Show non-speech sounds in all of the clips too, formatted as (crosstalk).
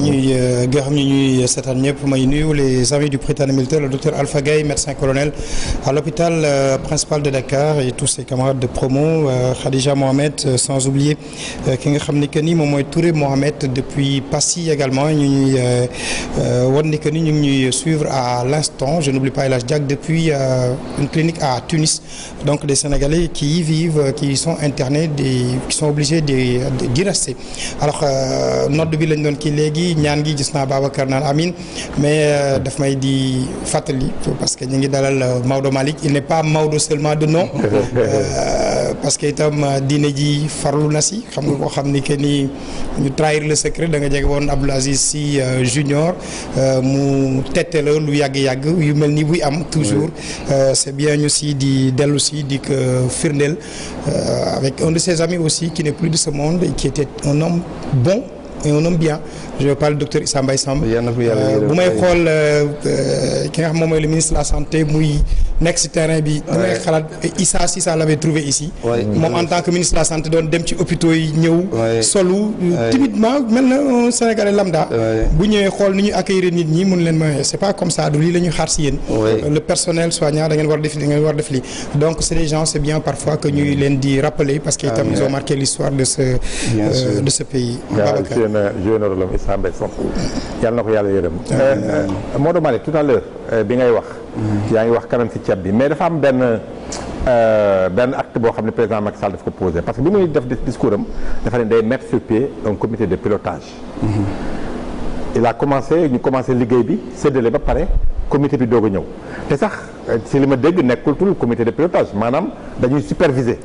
ñuy euh, nga xam ne ñuy les amis du Prytanée militaire le docteur Alpha Gaye médecin colonel à l'hôpital euh, principal de Dakar et tous ses camarades de promo euh, Khadija Mohamed sans oublier ki nga ni que ni moom mooy Touré Mohamed depuis Passy également ñu ñuy wan ni ñu ngi suivre à l'instant je n'oublie pas El Hadj Diack depuis une clinique à Tunis donc des Sénégalais qui y vivent qui sont internés des qui alors nodd bi lañ doon kii gi ñaan gi gis naa Babacar naan amin mais euh, daf may di fàttali parce que ñu ngi dalal euh, Maodo Malick il ne pas Maodo seulement de nom (laughs) euh, parce que itam diine ji farlu na si xam nga koo xam ni que ni ñu trahir le secret da nga jege woon Abdoul Aziz Sy junior mu tette la lu yàgg-yàgg yu mel ni buy am toujours c'est bien ñu si di dellu si di ko firndeel avec un de ses amis aussi qui n'est plus de ce monde qui était un homme bon et un homme bien je parle du docteur Issa Mbaye Samb euh, bu may xool euh, euh, ki nga xam moom mooy le ministre la santé muy nekk terrain bi damay xalaat Issa si ça l'avait trouvé ici moom en tan que ministre de la santé doon dem ci hôpitaux ñëw solu timidement mel na un Sénégalais lambda bu ñëwee xool ni ñu accueillir nit ñi mun leen ma c'est pas comme ça du lii la xaar ci yéen le personnel soignant da war def da donc c'est des gens c'est bien parfois que ñuy leen di na joué na rôle am Issa yàlla na ko yàlla yërëm Maodo euh, euh, Malick tout à l'heure euh, bi ngay wax mm-hmm. yaa ngi wax kanam si ceeb bi mais dafa am benn benn acte boo xam ne président Macky Sall daf ko posé parce que bi muy def discours am dafa ne day mettre sur pied un comité de pilotage mm-hmm. il a commencé ñu commencé liggéey bi séddale ba pare comité bi doog ñëw te sax si li ma dégg nekkul tout comité de pilotage maanaam dañuy superviser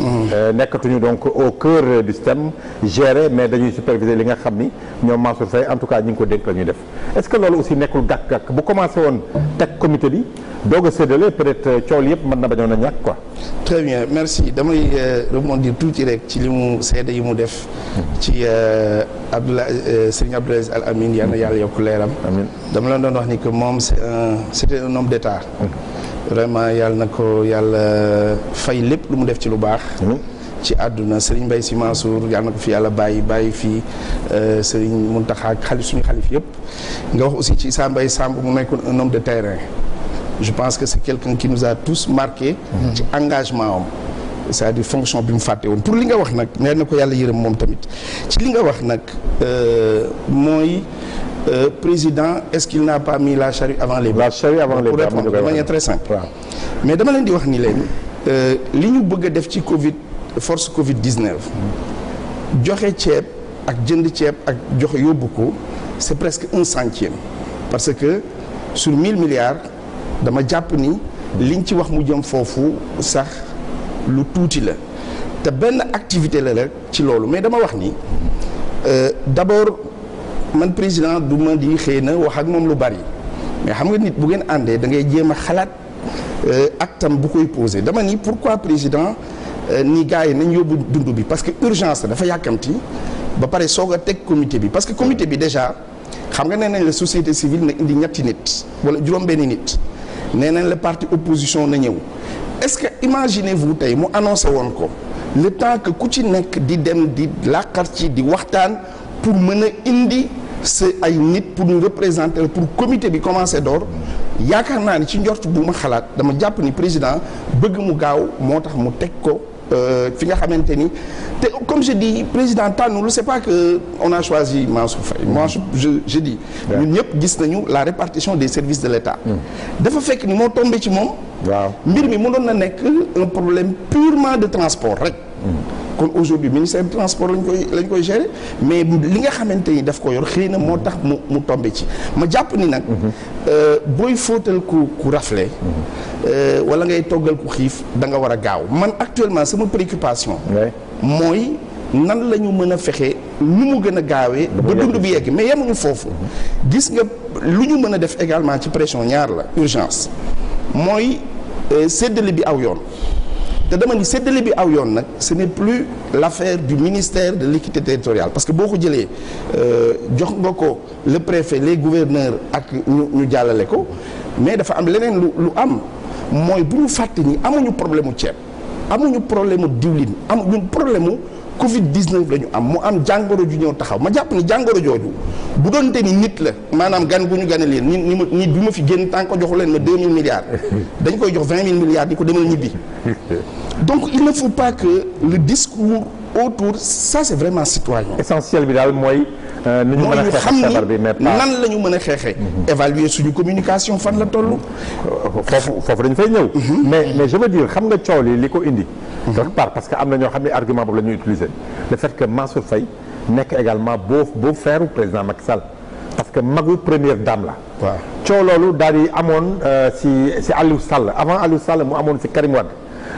Euh, nekkatuñu donc au cœur du système géré mais dañuy superviser li nga xam ni ñoom Mansour Faye en tout cas ñu ngi ko dénk la def est-ce que loolu aussi nekkul gàkk-gàkk bu commencé woon teg comité bi doog a séddale peut-être euh, coow li yëpp mën na bañoon a ñàkk quoi. très bien merci damay euh, rebondir tuuti rek ci li mu seede yi mu def ci Abdoulaye Serigne Abdoul Aziz Al Amin yal na yàlla yokk leeram dama leen doon wax ni que moom c'est un c'était un homme d'État mm. vraiment yàlla na ko yàlla fay lépp lu mu def ci lu baax Hmm? ci àdduna sëriñ mbay Sy Mansour yàlla na ko fi yàlla bàyyi bàyyi fii euh, sëriñ Mountakha ak xalif suñu xalif yëpp nga wax aussi ci Issa Mbaye Samb mu nekkoon un homme de terrain je pense que c'est quelqu'un qui nous a tous marqué hmm. ci engagement am cest à fonction bi mu fàtte woon pour li nga wax nag nee na ko yàlla yërëm moom tamit ci li nga wax nag euh, mooy euh, président est-ce qu'il n'a pas mis la charrue avant les bœufs. la charrue avant les bœufs pour répondre de wax ni Euh, li ñu bëgg a def ci Covid force Covid 19. joxe ceeb ak jënd ceeb ak joxe yóbbu ko c'est presque un centième parce que sur mille milliards dama jàpp ni liñ ci wax mu jëm foofu sax lu tuuti la te benn activité la rek ci loolu mais dama wax ni euh, d'abord man président du ma di xëy na wax ak moom lu bari mais xam nga nit bu ngeen àndee da ngay jéem a xalaat. Euh, tam bu koy posé dama ni pourquoi président euh, ni gars yi nañ yóbbu dund bi parce que urgence dafa yàkkamti ba pare soog a teg comité bi parce que comité bi déjà xam nga nee nañ la société civile na indi ñetti nit wala juróom-benni nit nee nañ la parti opposition na ñëw est-ce que imaginez-vous tey mu annoncé woon ko le temps que ku ci nekk di dem di làqar ci di waxtaan pour mën a indi sa ay nit pour ñu représenter pour comité bi commencé door yaakaar naa ni ci njort bu ma xalaat dama jàpp ni président bëgg mu gaaw moo tax mu teg ko euh, fi nga xamante ni te comme je dis président tànnul c'est pas que on a choisi Mansour Faye moi je je ñun ñëpp gis nañu la répartition des services de l'État hmm. dafa fekk ni moo tombé ci moom waaw mbir mi mënoon na nekk un problème purement de transport rek Mm. kon aujourd'hui ministère du transport lañ koy lañ koy gérer mais li nga xamante ni daf ko yor xëy na moo tax mu mu tombe ci ma jàpp ni nag mm-hmm. euh, booy fóotal ku ku rafle mm-hmm. euh, wala ngay toggal ku xiif da nga war a gaaw man actuellement sama préoccupation mooy nan la ñu mën a fexe nu mu gën a gaawee ba dund bi yegg mais yemuñu foofu mm-hmm. gis nga lu ñu mën a def également ci pression ñaar la urgence mooy euh, séddale bi aw yoon te dama ni séddale bi aw yoon nag ce n'est plus l'affaire du ministère de l'équité territoriale parce que boo ko jëlee euh, jox nga ko le préfet le gouverneur ak ñu ñu jàllale ko mais dafa am leneen lu lu am mooy bu ñu fàtte ni amuñu problème mu ceeb amuñu problème mu diwlin amuñu problème mu Covid 19 la ñu am mu am jàngoro ju ñëw taxaw ma jàpp ni jàngoro jooju bu doon te ni nit la maanaam gan bu ñu gane leen nit ñi ma nit bi ma fi génn tànk que joxu leen ma 2000 milliards (laughs) dañ koy jox 20 000 milliards di ko demal ñibbi (laughs) donc il ne faut pas que le discours autour ça c'est vraiment citoyen. essentiel bi daal mooy. Euh, nu ñu mën a xeexee feebar bi mais pas nan la ñu mën a xeexee. Mhm. évaluer suñu communication fan la toll. foofu foofu dañu fay ñëw. Mhm. mais mais je veux dire xam nga coow li li ko indi. quelque part parce que am na ñoo xam ne argument boobu la ñuy utiliser le fait que Mansour Faye nekk également beau beau frère président Macky Sall parce que magu première dame la. waaw coow loolu daal di amoon euh, si si Aliou Sall avant Aliou Sall mu amoon si Karim Wade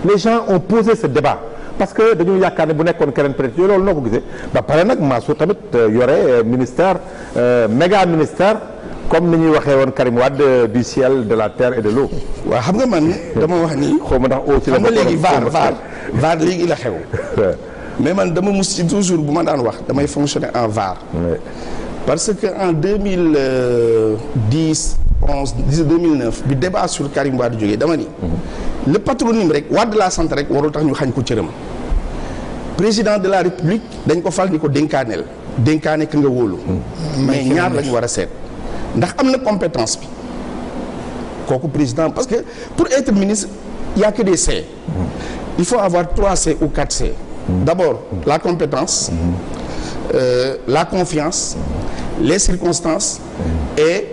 les gens ont posé ce débat parce que dañu yaakaar ne bu nekkoon keneen peut-être yooyu loolu noo ko gisee ba pare nag Mansour tamit euh, yore euh, ministère méga ministère. comme ni ñuy waxee woon Karim Wade euh, du ciel de la terre et de l'eau waa xam nga man dama wax ni. xaw ma ndax oo xam nga léegi vaar vaar léegi la xew. (laughs) mais man dama mus ci toujours bu ma daan wax damay fonctionner en vaar. parce que en deux mille euh, dix onze dix deux mille neuf bi débat sur Karim Wade jógee dama ni. Mm-hmm. le patronyme rek Wade laa sant rek warul tax ñu xañ ko cëram. président de la république dañ ko fal ni ko dénkaaneel dénkaane ka nga wóolu. Mm-hmm. mais ñaar lañu war a seet. ndax am na compétence bi kooku président parce que pour être ministre il y a que des C mm-hmm. il faut avoir trois C ou quatre C mm-hmm. d'abord mm-hmm. la compétence euh, la confiance les circonstances e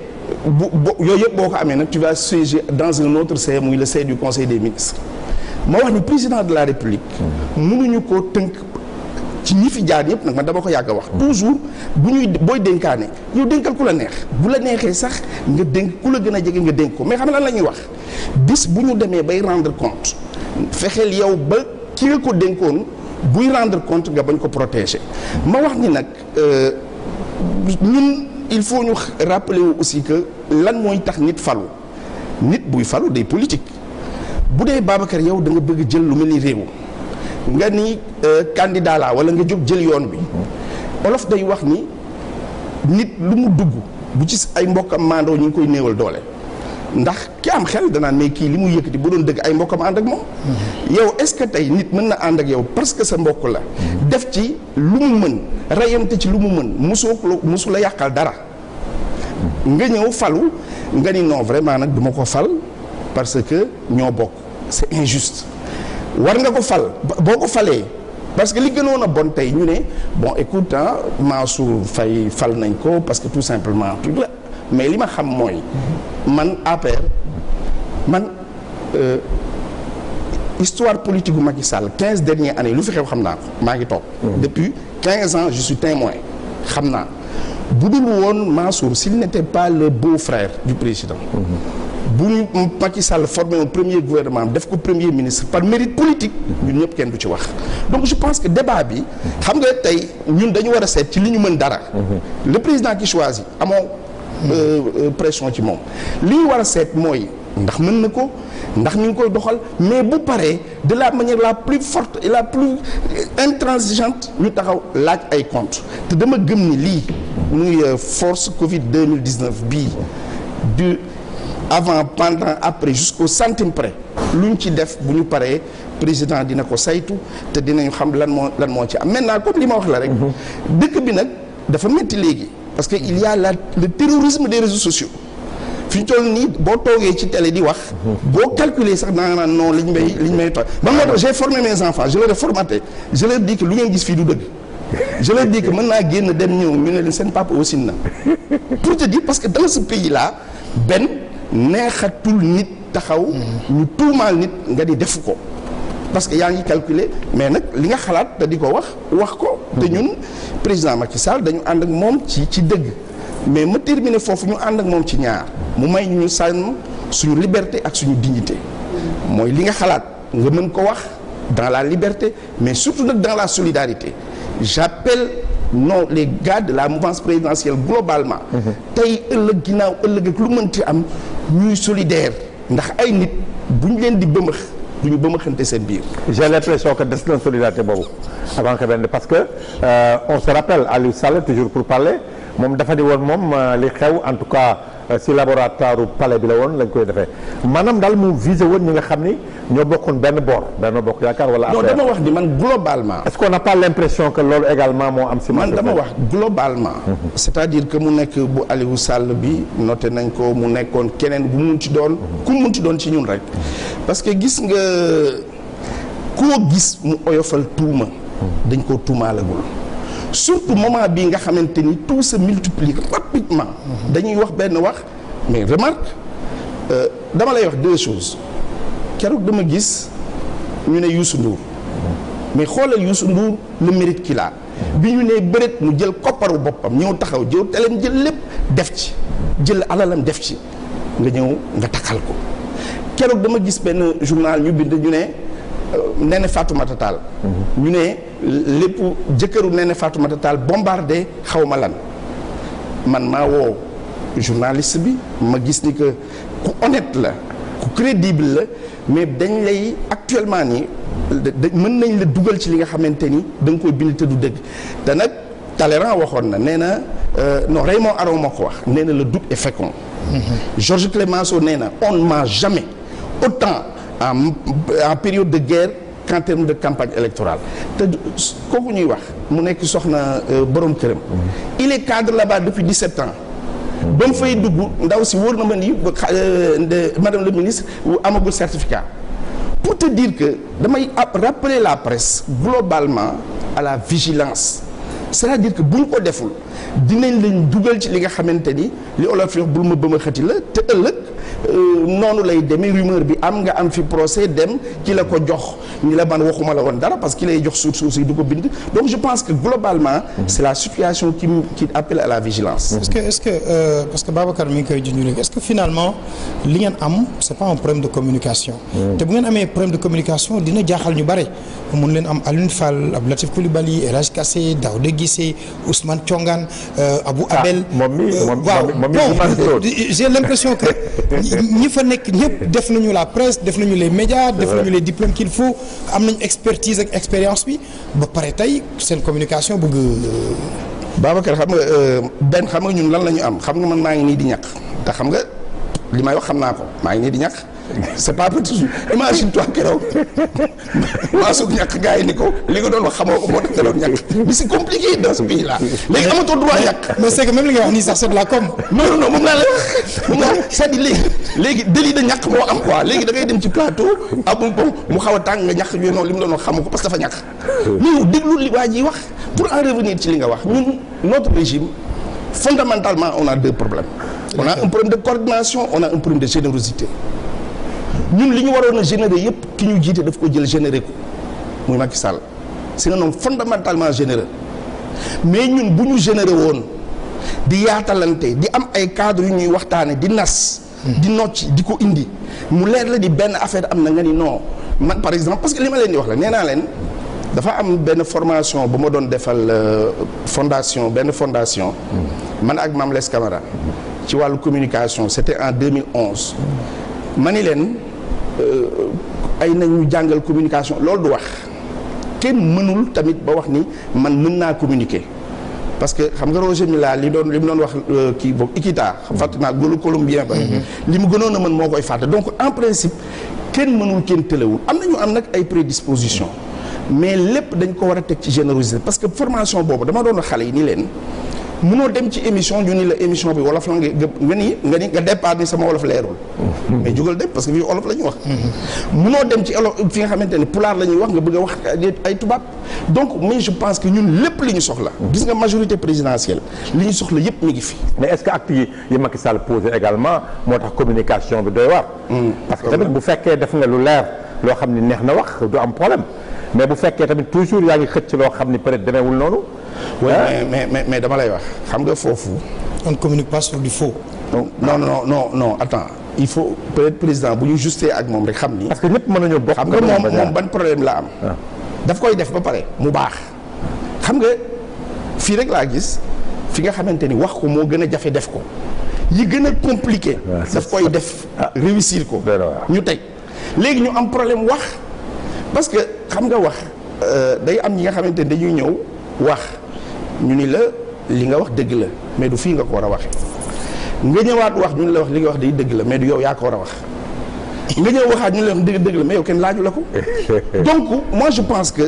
bu yooyu yëpp boo ko amee nag tu vas siéger dans un autre C muy le C du conseil des ministres moo wax ni président de la république mënuñu ko tënk ci ñi fi jaar yëpp nag man dama ko yàgg a wax toujours bu ñuy booy dénkaane yow dénkal ku la neex bu la neexee sax nga dénk ku la gën a jege nga dénk ko mais xam nga lan la ñuy wax bis bu ñu demee bay rendre compte fexeel yow ba ki nga ko dénkoon buy rendre compte nga bañ ko protéger ma wax ni nag euh, ñun il faut ñu rappeler wu aussi que lan mooy tax nit falu nit buy falu de politique bu dee Babacar yow da nga bëgg jël lu mel ni réew nga ni euh, candidat la wala nga jóg jël yoon bi olof day wax ni nit lu mu dugg bu ci ay mbokkam maandoo ñu ngi koy néewal doole ndax ki am xel danaa mais kii li mu di bu doon dëgg ay mbokkam ànd ak moom yow est-ce que tey nit mën na ànd ak yow parce que sa mbokk la def ci lu mu mën reyante ci lu mu mën musoo musu la yàqal dara nga ñëw falu nga ni non vraiment nag duma ko fal parce que ñoo bokk c'est injuste war nga ko fal boo ko falee parce que li gënoon a bon tey ñu ne bon écoute ah Mansour fay fal nañ ko parce que tout simplement truc la mais li ma xam mooy man APR man euh, histoire politique bu Macky Sall quinze dernières années lu fi xew xam naa ko maa ngi toog mm. depuis quinze ans je suis témoin xam naa bu dul woon Mansour s'il n'était pas le beau-frère du président mm-hmm. bu Macky Sall formé un premier gouvernement def ko premier ministre par mérite politique ñun ñëpp kenn du ci wax donc je pense que débat bi xam nga tey ñun dañu war a seet ci li ñu mën dara le président qui choisit amoo euh, euh, pression ci moom li ñu war a seet mooy ndax mën na ko ndax ni ngi koy doxal mais bu paree de la manière la plus forte et la plus intransigeante ñu taxaw laaj ay compte te dama gëm ni lii muy euh, force Covid 2019 bii du avant pendant après jusqu'au centime près lu ñu ci def bu ñu paree président dina ko saytu te dinañu xam lan moo lan moo ci am maintenant comme li ma wax la rek. Mhm. dëkk bi nag dafa metti léegi. parce que il y la le terrorisme des réseaux sociaux. fi ñu nii boo toogee ci télé di wax. Mhm. boo calculer sax da nga naan non liñ may liñ may toj. ba moo tax j'ai formé mes enfants je leur ai formaté je leur dis lu ngeen gis fii du dëgg. je leur dis mën naa génn dem ñëw ñu ne leen seen papa wasin na pour te dire parce que dans ce pays benn. neexatul nit taxaw. ñu tuumaal nit nga di def ko. parce que yaa ngi calculer mais nag li nga xalaat te di ko wax wax ko. te ñun président Macky Sall dañu ànd ak moom ci ci dëgg. mais ma terminer foofu ñu ànd ak moom ci ñaar mu may ñu sànn suñu liberté ak suñu dignité. mooy li nga xalaat nga mën ko wax dans la liberté mais surtout nag dans la solidarité j'appelle non les gars de la mouvance présidentielle globalement tey ëllëg ginnaaw ëllëg ak lu mënti am ñuy solidaire ndax ay nit bu ñu leen di bëmëx du ñu bëmëxante seen biir j'ai l'impression que des na solidarité boobu avant que benn parce que euh, on se rappelle Aliou Sall toujours pour parler moom dafa di woon moom euh, li xew en tout cas Euh, si laboratoire palais bi la woon lañ koy defee maanaam daal mu visé woon ñi nga xam ni ñoo bokkoon benn boor benn bokk yaakaar wala. affaire non dama wax ni man globalement. est-ce qu'on n'a pas l'impression que moo am. si man dama wax globalement. Mhm. c'est-à-dire que mu nekk bu Aliou Sall bi noté nañ ko mu nekkoon keneen bu mu ci doon. Mhm. ku mu ci doon ci ñun rek. parce que gis nga koo gis mu oyofal tuuma. Mhm. dañ ko tuumaalagul. surtout moment bii nga xamante ni tout se multiplie rapidement. Mhm. dañuy wax benn wax mais remarque euh, dama lay wax deux choses keroog dama gis ñu ne Youssou Ndour mais xoolal Youssou Ndour le mérite qu'il bi ñu nee bëreet mu jël kopparu boppam ñëw taxaw jëw teleem jël lépp def ci jël alalam def ci nga ñëw nga takkal ko keroog dama gis benn journal ñu bind ñu ne euh, Néné Fatoumata Tall mhm. ñu ne. lépp jëkkëru Néné Fatoumata Tall bombardé xaw ma lan man maa woo journaliste bi ma gis ni que ku honnête la ku crédible la mais dañ lay actuellement nii mën nañ la dugal ci li nga xamante ni danga koy bind te du dëgg te nag waxoon na nee na euh, non Raymond Aron moo ko wax nee na le doute fekkoon fécond. Mm-hmm. Georges Clemenceau nee na on ne ment jamais autant en en période de guerre. qu'en termes de campagne électorale te kooku ñuy wax mu nekk soxna euh, borom këram. Mm-hmm. il est cadre là-bas depuis 17 ans. ba mu fay dugg ndaw si wóor na ma ni ba euh, madame le ministre amagul certificat. pour te dire que damay rappeler la presse globalement à la vigilance c'est-à-dire que bu ñu ko deful dinañ leen dugal ci li nga xamante ni li olof yor bul ma bëma la te ëllëg. Euh, noonu lay demee rumeur bi am nga am fi procès dem ki la ko jox ñi la man waxuma la woon dara parce que ki lay jox suuf suuf si du ko bind donc je pense que globalement c'est la situation qui qui appelle à la vigilance est-ce que est-ce euh, mi ngi koy junj finalement li ngeen am c'est pas un problème de communication hmm. te bu ngeen amee problème de communication dina jaaxal ñu bare mun leen am Alioune Fall Abdou Latif Coulibaly El Hadj Kassé Daouda Guissé Ousmane euh, ah, mi moom mi waaw (laughs) ñi fa nekk ñëpp def nañu la presse def nañu les médias def nañu les diplômes qu'il faut am nañu expertise ak expérience bi ba pare tey seen communication bëgg euh, Babacar xam nga euh, benn xam nga ñun lan la ñu am xam nga man maa ngi nii di ñàkk te xam nga li may wax xam naa ko maa ngi nii di ñàkk c'est pas petit jeu imagine toi keroog maa suuf ñàkk gars yi ni ko li nga doon wax xamoo ko moo tax nga doon ñàkk mais c'est compliqué dans ce pays là léegi amatoo droit ñàkk. non c'est que même li nga wax nii sax c'est de la com. non non moom laa lay wax moom laa c'est-à-dire léegi léegi délit de ñàkk moo am quoi léegi da ngay dem ci plateau amul ko mu xaw a tàng nga ñàkk yooyu noonu li mu doon wax xamu ko parce que dafa ñàkk. mais déglu li waa ji wax pour en revenir ci li nga wax ñun a deux problèmes. on a un problème de ñun li ñu waroon a générer yëpp ki ñu jiite daf ko jël générer ko muy Macky Sall c'est un homme fondamentalement généreux mais ñun bu ñu généré woon di yaatalante di am ay cadres yu ñuy waxtaane di nas. di nocc di ko indi mu leer la di benn affaire am na nga ni non man par exemple parce que li ma leen di wax la nee naa leen dafa am benn formation bu ma doon defal euh, fondation benn fondation. man ak Mame Less Camara ci wàllu communication c'était en 2011. ma ni leen. ay nañu jàngal communication loolu du wax kenn mënul tamit ba wax ni man mën naa communiquer parce que xam nga Roger Mila li doon li mu doon wax euh, kii boobu Iquita fàtte naa góolu colombien ba mm-hmm. li mu gënoon a mën moo koy fàtte donc en principe kenn mënul kenn tëlewul am nañu am nag ay prédisposition mais lépp dañ ko war a teg ci générosité parce que formation boobu dama doon wax xale yi ni leen mënoo dem ci émission ñu ni la émission bi wolof la nga nga ni nga ni nga départ ni sama wolof leerul hmm. mais jugal dem parce que fii wolof la ñuy wax mënoo hmm. dem ci olof fi nga xamante ne pulaar la ñuy wax nga bëgg a wax ay tubaab donc mais je pense que ñun lépp li ñu soxla hmm. gis nga majorité présidentielle li ñu soxla yëpp mi ngi fi mais est-ce que acte yi yi Macky Sall posé également moo tax communication bi doy waar parce que tamit bu fekkee def nga lu leer loo xam ni neex na wax du am problème mais bu fekkee tamit toujours yaa ngi xëcc loo xam ni peut-être demeewul noonu oui mais mais mais dama lay wax xam nga foofu. on ne communique pas sur du faux. non non non non non attends il faut peut-être président bu ñu justé ak moom rek xam ni. parce que ñëpp mën nañoo bokk. xam nga moom moom ban problème la am. Ah. daf koy def ba pare mu baax. xam nga fii rek laa gis fi nga xamante ni wax ko moo gën a jafe def ko yi gën a compliqué. Ah, daf koy def ah, réussir ko. ñu teg léegi ñu am problème wax parce que xam nga wax euh, day am ñi nga xamante ni dañuy ñëw wax. ñu ni la li nga wax dëgg la mais du fii nga ko war a waxee nga ñëwaat wax ñu la wax li nga wax day dëgg la mais du yow yaa ko war a wax nga ñëw waxaat ñu la wax dëgg dëgg la mais yow kenn laaju la ko (laughs) donc moi je pense que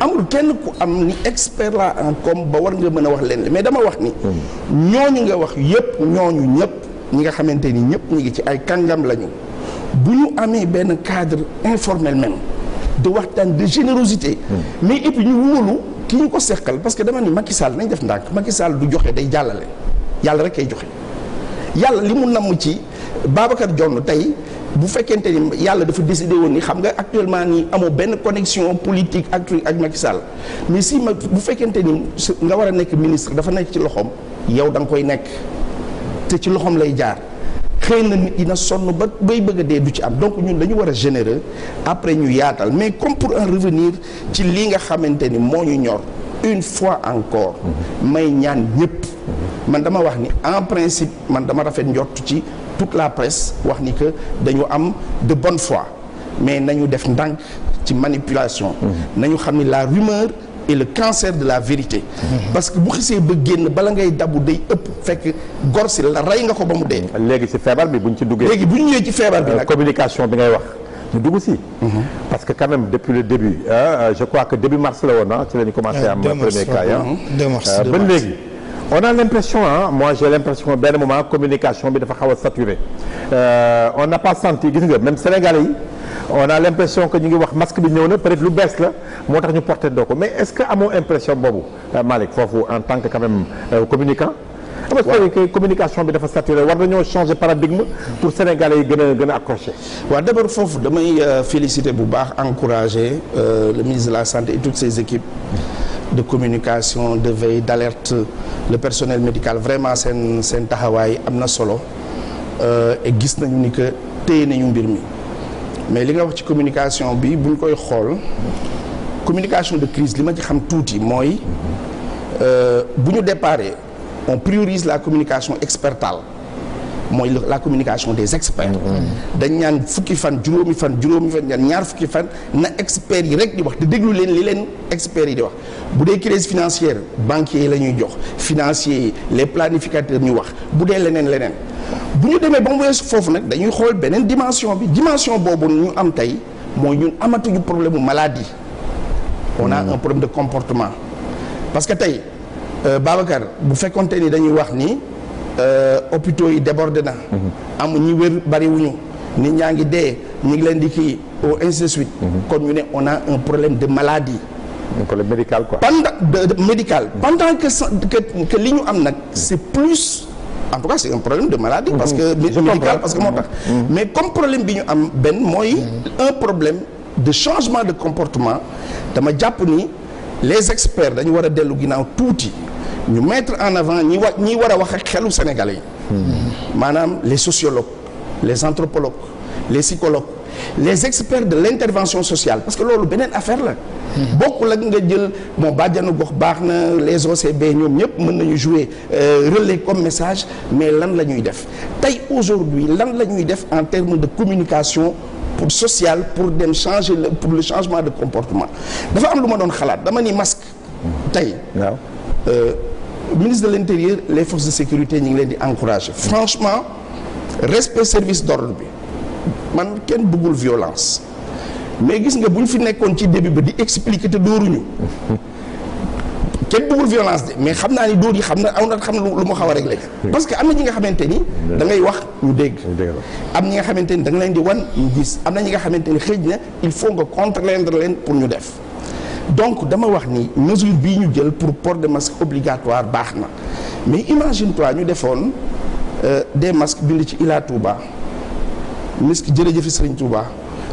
amul kenn ku am ni en com ba war nga mën a wax leen mais dama wax ni hmm. ñooñu nga wax yëpp ñooñu ñëpp ñi nga xamante ni ñëpp ñu ngi ci ay kàngam lañu bu ñu amee benn cadre informel même de waxtaan générosité hmm. mais et ñu wóolu ki ñu ko seqal parce que dama ni Macky Sall nañ def ndànk Macky Sall du joxe day jàllale yàlla rek kay joxe yàlla li mu namm ci Babacar Dione tey bu fekkente ni yàlla dafa décidé woon nii xam nga actuellement nii amoo benn connexion politique ak ak Macky Sall mais si ma bu fekkente ni nga war a nekk ministre dafa nekk ci loxoom yow da nga koy nekk te ci loxoom lay jaar. xëy na nit dina sonn ba bay bëgg a dee du ci am donc ñun dañu war a généreux après ñu yaatal mais comme pour en revenir ci lii nga xamante ni moo ñu ñor une fois encore may ñaan ñëpp man dama wax ni en principe man dama rafet njort ci toute la presse wax ni que dañu am de bonne foi mais nañu def ndànk ci manipulation mm-hmm. nañu xam ni la rumeur et le cancer de la vérité. Mhm. parce que bu xisee ba génn bala ngay dabu day ëpp fekk gor si la rey nga ko ba mu dee. léegi ci feebar bi ñu ci duggee. léegi bu ñu ñëwee ci feebar bi euh, nag. communication bi ngay wax. ñu dugg si. Mhm. parce que quand même depuis le début euh, je crois que début mars la woon ah la ñu commencé am. premier cas yi ah. Euh, léegi. on a l'impression ah moi j'ai l'impression benn moment communication bi dafa xaw a saturé euh, on n'a pas senti gis nga même Sénégalais yi on a l'impression que ñu ngi wax masque bi ñëw na peut-être lu bees la moo tax ñu porté doo ko mais est-ce que amoo impression boobu euh, Malick foofu en tant que quand même euh, communicant waaw que communication bi dafa saturé war nañoo changer paradigme pour sénégalais yi gën a gën a accroché. waaw d'abord foofu damay féliciter bu baax encourager le ministre de la santé et toutes ses équipes. de communication de veille d'alerte le personnel médical vraiment seen seen taxawaay am na solo e gis nañu ni que téye nañu mbir mi mais li nga wax ci communication bi buñ koy xool communication de crise li ma ci xam tuuti mooy euh, bu ñu déparé on priorise la communication expertale mooy la communication des experts. dañ ñaan fukki fan juróomi fan juróomi fan ñaan ñaar fukki fan na experts yi rek di wax te déglu leen li leen experts yi di wax bu dee crise financière banquiers yi la ñuy jox financier yi les planificateurs ñu wax bu dee leneen leneen bu ñu demee ba mu weesu foofu nag dañuy xool beneen dimension bi dimension boobu ñu am tey mooy ñun amatuñu problème mu maladie. on naa hmm. un problème de comportement parce que tey euh, Babacar bu fekkonte ni dañuy wax ni. Euh, hôpitaux yi débordé na. Mhm. am ñi wér bariwuñu nit ñaa ngi dee ñu ngi leen di kii au ainsi mhm. kon ñu ne on a un problème de maladie. un problème médical quoi. pendant de, de, médical. Mm -hmm. que que que li ñu am nag mhm. c'est plus. en tout cas c'est un problème de maladie. parce que médical parce que moo tax. mais comme problème bi ñu am benn mooy. un problème de changement de comportement dama jàpp ni les experts dañu war a dellu ginnaaw tuuti. ñu mettre en avant ñi wa ñi war a wax ak xelu sénégal yi maanaam les sociologues les anthropologues les psychologues les experts de l'intervention sociale parce que loolu beneen affaire la bokkul ak nga jël bon bàjjanu gox baax na les OCB ñoom ñëpp mën nañu jouer euh, relais comme message mais lan la ñuy def tey aujourd'hui lan la ñuy def en termes de communication pour sociale pour dem changer pour le changement de comportement dafa am lu ma doon xalaat dama ni masque tey waaw euh, ministre de l'intérieur les forces de sécurité ñu ngi leen di encourager franchement respect service d'ordre bi man kenn bëggul violence mais gis nga bu ñu fi nekkoon ci début ba di expliquer te dóoruñu kenn bëggul violence de mais xam naa ni dóor yi xam na aw na xam na lu ma xaw a régler parce que am na ñi nga xamante ni da ngay wax ñu dégg am ñi nga xamante ni da nga leen di wan ñu gis am na ñi nga xamante ni xëj na il faut nga contraindre leen pour ñu def donc dama wax ni mesure bii ñu jël pour port de masque obligatoire baax na mais imagine toi ñu defoon euh, des masques bind ci Ila Touba masque jërëjëfi Sëriñ Touba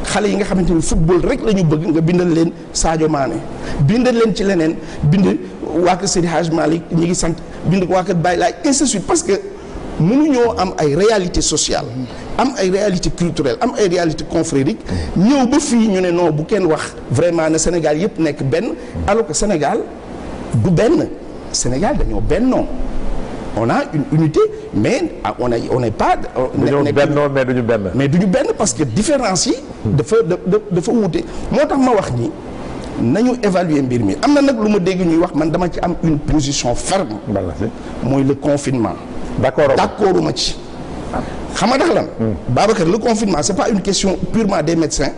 xale yi nga xamante ni football rek la ñu bëgg nga bindal leen Sadio Mané bindal leen ci leneen bind waa kër Seydi Hadj Malick ngi sant bind waa kër Baye Laay ainsi de suite parce que am ay réalité sociale am ay réalité culturelle am ay réalité confrérique ñëw ba fii ñu ne non bu kenn wax vraiment na Sénégal yëpp nekk benn alors que Sénégal du benn Sénégal dañoo bennoo on a une unité mais ah, on a on n'est pas. nekk bennoo mais duñu benn. mais duñu benn parce que différence yi. dafa dafa wuute moo tax ma wax ni nañu évaluer mbir mi am na nag lu ma dégg ñuy wax man dama ci am une position ferme. mooy le confinement. d'accord d'accord ma ci. xam nga dax lan. Hmm. Babacar le confinement c'est pas une question purement des médecins.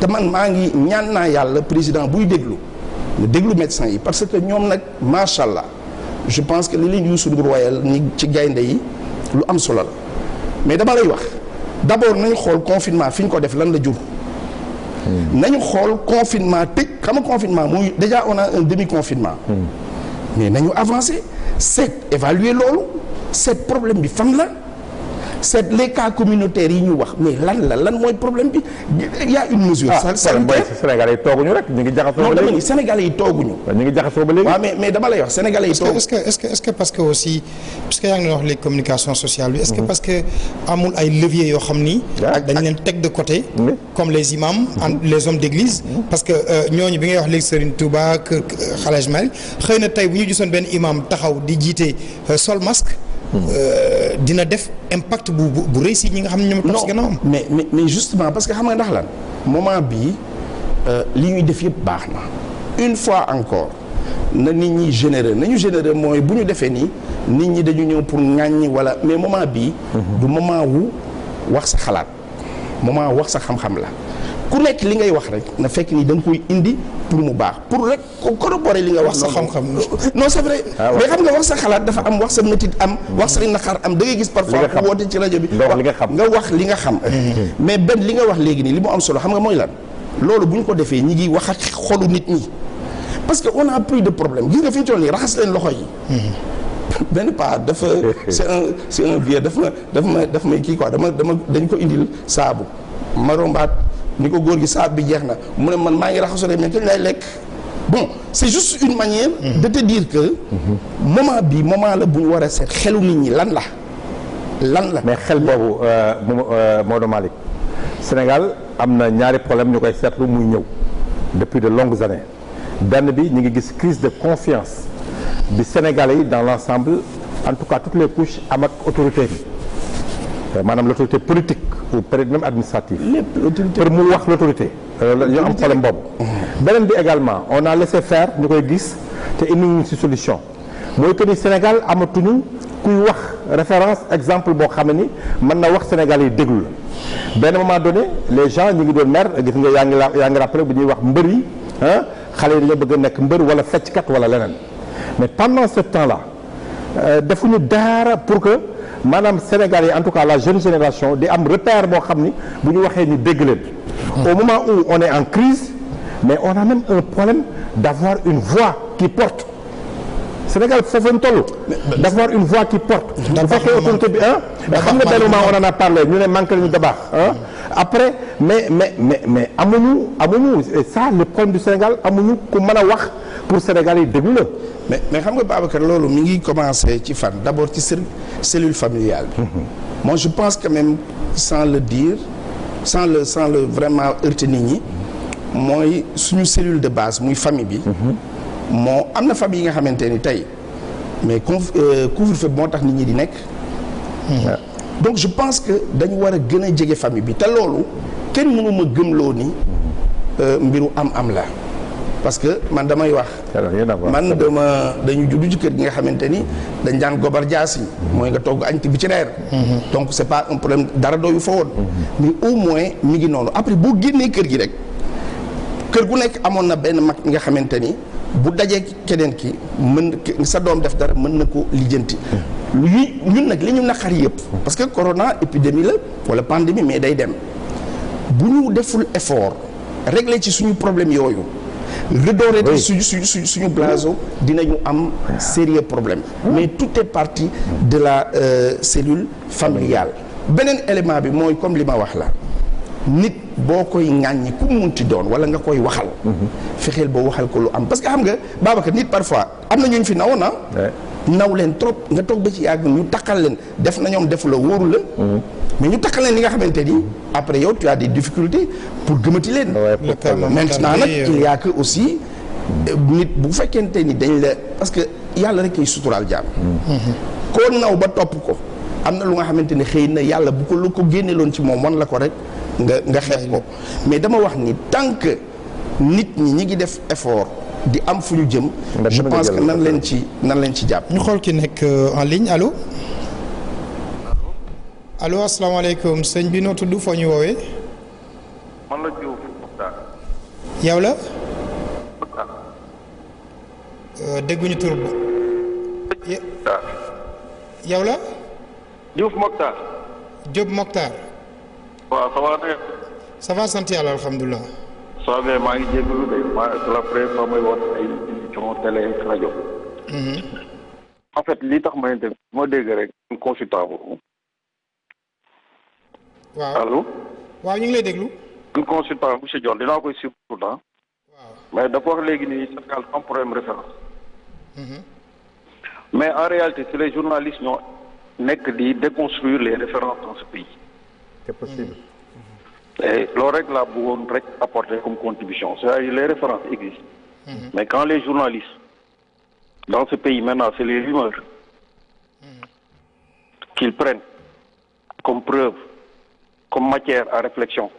te man maa ngi ñaan naa yàlla président buy déglu. ne déglu médecins yi parce que ñoom nag macha allah je pense que li leen Youssou Ndour wayal ni ci gaynde yi lu am solo la mais dama lay wax d'abord nañu xool confinement fi ñu ko def lan la jur. Hmm. nañu xool confinement tëj xam nga confinement muy déjà on a un demi confinement. Hmm. mais nañu avancer seet évaluer loolu seet problème bi fan la. c'est les cas communautaires yi ñu wax mais lan la lan mooy problème bi y a une mesure. ah sanitaire Sénégalais yi tooguñu rek ñu ngi jaxasoo. non dama ni Sénégalais yi tooguñu. ñu ngi jaxasoo ba léegi. waaw mais mais dama lay wax Sénégalais yi. tooguñu est-ce que est-ce que est-ce que parce que aussi parce que yaa ngi wax les communications sociales bi. est-ce que mhm. parce que amul ay leviers yoo xam ni. dañu leen teg de côté. comme les imams. Mhm. les hommes d'église. Mhm. parce que euh, ñooñu bi ngay wax léegi Serigne Touba kër xalaj Malick xëy na tey bu ñu gisoon benn imam taxaw di jiite euh, sol masque. Euh, dina def impact bu bu bu réussir ñi nga xam ne ñoom. toog si mais mais mais justement parce que xam nga ndax lan moment bii euh, li ñuy def yëpp baax na une fois encore na nit ñi généreux nañu généreux mooy bu ñu defee nii nit ñi dañu ñëw pour ŋàññi wala mais moment bii. du moment wu wax sa xalaat moment wax sa xam-xam la. ku nekk li ngay wax rek na fekk ni da koy indi pour mu baax pour rek corroborer li nga wax sa xam-xam non c'est vrai ah, mais xam nga wax sa xalaat dafa am wax sa métit am wax sa naqar am da gis parfois ku woote ci rajo bi nga wax li nga xam (laughs) hmm. mais benn li nga wax léegi nii li mu am solo xam nga mooy lan loolu bu ñu ko defee ñi ngi wax ak xolu nit ñi parce que on a plus de problème gis nga fi ñu toll nii raxas leen loxo yi hmm. benn pas dafa (laughs) c'est un c'est un vieux daf ma daf ma may kii quoi dama dama dañ ko indil saabu ma rombaat ni ko góor gi saab bi jeex na mu ne man maa ngi raxasu rek mais kañ lay lekk bon c'est juste une manière de te dire que moment bi moment la bu ñu war a seet xelu nit ñi lan la lan la mais xel boobu euh, euh, Maodo Malick Sénégal am na ñaari problème ñu koy seetlu muy ñëw depuis de longues années benn bi ñu ngi gis crise de confiance bi Sénégalais yi dans l'ensemble en tout cas toutes les couches am ak autorité bi euh, maanaam l'autorité politique période même administrative. pour mu wax l'autorité euh, ñu am problème boobu beneen bi également on a laissé faire ñu koy gis te indiwuñ ci solution mooy que ni Sénégal amatuñu kuy wax référence exemple boo xam ne ni mën na wax Sénégal yi déglu la benn moment donné les gens ñu ngi doon mer gis nga yaa ngi la yaa ngi rappelé bu ñuy wax mbër yi ah xale yi dañoo bëgg a nekk mbër wala fecckat wala leneen mais pendant ce temps là euh, defuñu dara pour que maanaam Sénégal yi en tout cas la jeune génération di am repère boo xam ni bu ñu waxee ni dégg leen au moment où on est en crise mais on a même un problème d'avoir une voix qui porte Sénégal foofu ñu toll d'avoir une voix qui porte bu fekkee autorité bi ah xam nga benn moment on a parlé ñu ne manque lañu da baax après mais mais mais mais amuñu amuñu ça le problème du Sénégal amuñu ku mën a wax pour Sénégal yi déglu la. mais mais xam nga Babacar loolu mi ngi commencé ci fan d'abord ci cellule familiale bi. Mhm. moi je pense quand même sans le dire sans le sans le vraiment heurter nit ñi mooy suñu cellule de base muy famille bi. Mhm. moo am na famille yi nga xamante ni tey mais euh, couvre-feu moo tax nit ñi di nekk. donc je pense que dañ war a gën a jege famille bi te loolu kenn mënuma gëmloo ni euh, mbiru am-am la parce que man damay wax man dama dañu juddu ci kër gi nga xamante ni dañ daan gobar jaasi mooy nga togg añ bi ci reer mhm. donc c'est pas un problème dara doyu fa woon mhm. mais au moins mi ngi noonu après boo génnee kër gi rek kër gu nekk amoon na benn mag mi nga xamante ni bu dajee keneen ki mën sa doom def dara mën na ko lijjanti mhm. lu ñun nag li ñu naqari yëpp. parce que corona épidémie la wala pandémie mais day dem bu ñu deful effort régler ci suñu problème yooyu. redorer oui. suñu suñu suñu suñu blason dinañu am sérieux problème mais tout est parti de la euh, cellule familiale beneen élément bi mooy comme li ma wax la nit boo koy ŋàññi ku munti doon wala nga koy waxal mhm. fexeel boo waxal ko lu am parce que xam nga Babacar nit parfois am na ñuñ fi na naw leen trop nga toog ba ci yàgg ñu takkal leen def na ñoom def la wóoru la mm-hmm. mais ñu takkal leen li nga xamante ni après yow tu as des difficultés pour gëmati leen maintenant nag il y a que aussi euh, nit bu fekkente ni dañ la parce que yàlla rek kay suturaal jaam mm-hmm. koo naw ba topp ko am na lu nga xamante ni xëy na yàlla bu ko lu ko génneloon ci moom man la ko rek nga nga xeeb ko mais dama wax ni tant que nit ñi ñu ngi def effort di am fu ñu jëm. je pense que nan leen ci nan leen ci jàpp. ñu xool ki nekk euh, en ligne allo. allo asalaamaaleykum sëñ bi noo tudd foo ñu woowee. man la euh, dégguñu tur bi. la. Diouf Mokhtar. Diop Mokhtar. waaw ça va. ça alhamdulilah. ma c'est la première fois may woon ay émission télé rajo. Mm-hmm. en fait lii tax may def ma dégg rek consultant boobu. waaw allo. waaw ñu ngi lay déglu. un consultant monsieur Dione dinaa koy suivre pourtant. waaw mais dafa wax léegi nii Sénégal am problème référence. Mm-hmm. mais en réalité c'est les journalistes ñoo nekk di déconstruire les références dans Eh, loolu rek la bëggoon rek apporter comme contribution c'est-à-dire les références existent. Mm mais quand les journalistes dans ce pays maintenant c'est les rumeurs. Mhm. qu'ils prennent comme preuve comme matière à réflexion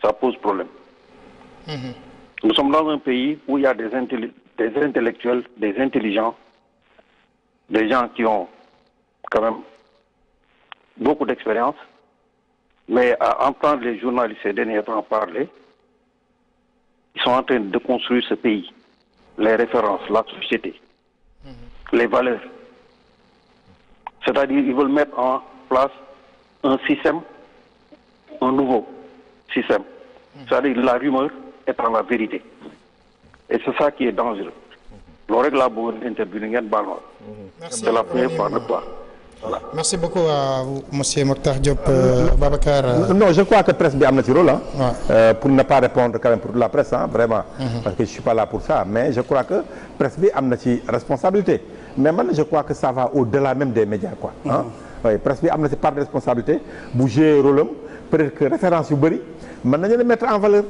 ça pose problème. Mm -hmm. nous sommes dans un pays où il y a des intelli des intellectuels des intelligents des gens qui ont quand même beaucoup d'expérience. Mais à entendre les journalistes ces derniers temps parler, ils sont en train de construire ce pays, les références, la société, mmh. les valeurs. C'est-à-dire ils veulent mettre en place un système, un nouveau système. Mmh. C'est-à-dire la rumeur étant la vérité. Et c'est ça qui est dangereux. Mhm. loolu rek laa bëggoon intervenir ngeen baal ma. Mhm. merci la première fois nag quoi. voilà. merci beaucoup à vous, monsieur Mokhtar Diop. Euh, euh, euh. je crois que presse bi am na ci rôle ah. pour ne pas répondre quand même pour la presse ah vraiment. Mm -hmm. parce que je suis pas là pour ça mais je crois que presse bi am na ci responsabilité mais man je crois que ça va au-delà même des médias quoi. ah mm am na ci part de responsabilité bu jouer rôle am peut-être que référence yu bëri mën nañu la mettre en valeur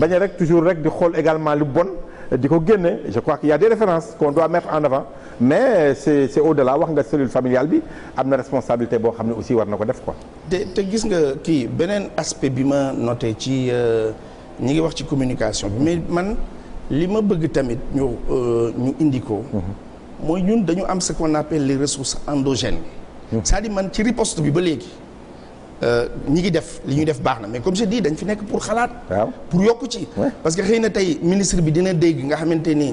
bañ rek toujours rek di xool également lu bon di ko génne je crois qu'il y a des en avant. mais c'est c'est au-delà wax nga cellule familiale bi am na responsabilité boo xam ne aussi war na ko def ko te te gis nga kii beneen aspect bi ma noté ci euh, ñi ngi wax ci communication bi mais man li ma bëgg tamit ñu euh, ñu indi ko. Mhm. mooy ñun dañu am ce qu'on appelle les ressources endogènes. Mhm. cest à man ci riposte bi ba léegi. Euh, ñi ngi def li ñuy def baax na mais comme je dañ fi nekk pour xalaat. pour yokk ci. parce que xëy na tey ministre bi dina dégg nga xamante ni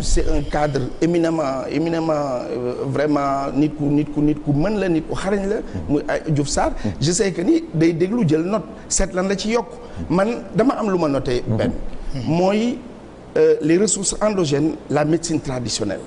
c'est un cadre éminemment éminemment euh, vraiment nit ku nit ku nit ku mën la nit ku xarañ la mu Diouf Sarr je sais que ni day déglu jël not seet lan la ci yokk man dama am lu ma noté benn mooy euh, les ressources endogènes la médecine traditionnelle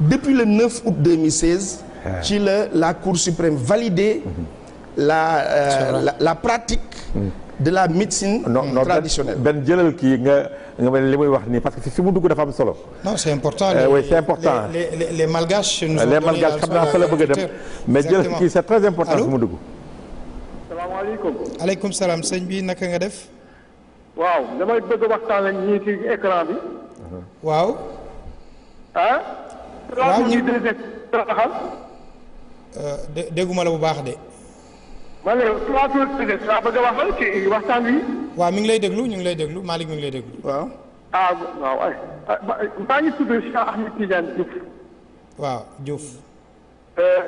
depuis le 9 août 2016 ah. ci la la Cour suprême validé mm-hmm. euh, la la pratique mm. de la médecine traditionnelle non benn jëlal kii nga nga li muy wax nii parce que fi mu dugg dafa am solo. non c'est important euh, les oui c'est important les les les malgaches. xam naa fa la bëgg dem mais jëlal kii c'est très important fi mu dugg. aleykum salaam sëñ bi naka nga def. waaw damay bëgg waxtaan ak ñii écran bi. waaw. Ah? Euh, dégguma la bu baax de. ma ne trois jours saa bëgg a waxal ci waxtaan wi. waaw mi ngi lay déglu ñu ngi lay déglu Malick mi ngi lay déglu. waaw. ah waaw ay ah, maa ngi tudd Cheikh Ahmed Tidiane Diouf. waaw Diouf. Euh,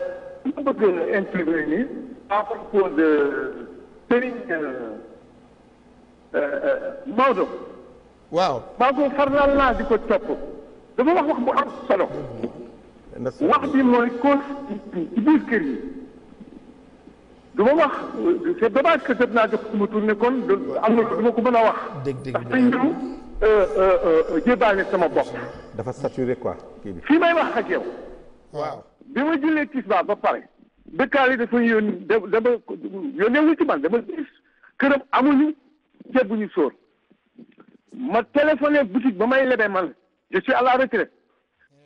ma bëgg a intervenir à propos de Serigne euh, euh, Maodo. waaw Maodo farlaal naa di ko topp. dafa wax wax bu am solo. wax bi mooy cause ci kër yi. du ma wax c'est dommage que naa jox suma tur ne kon am na du ko mën a wax. dëgg dëgg ndax dañ euh, euh, euh, sama bopp. dafa saturé quoi. fii may wax ak yow. waaw bi ma jëlee tisbaar ba pare. dëkkaal yi dafa yónni dama yónneewul ci man dama gis këram amuñu ceeb bu ñu sóor ma téléphoné boutique ba may lebee man je suis à la retraite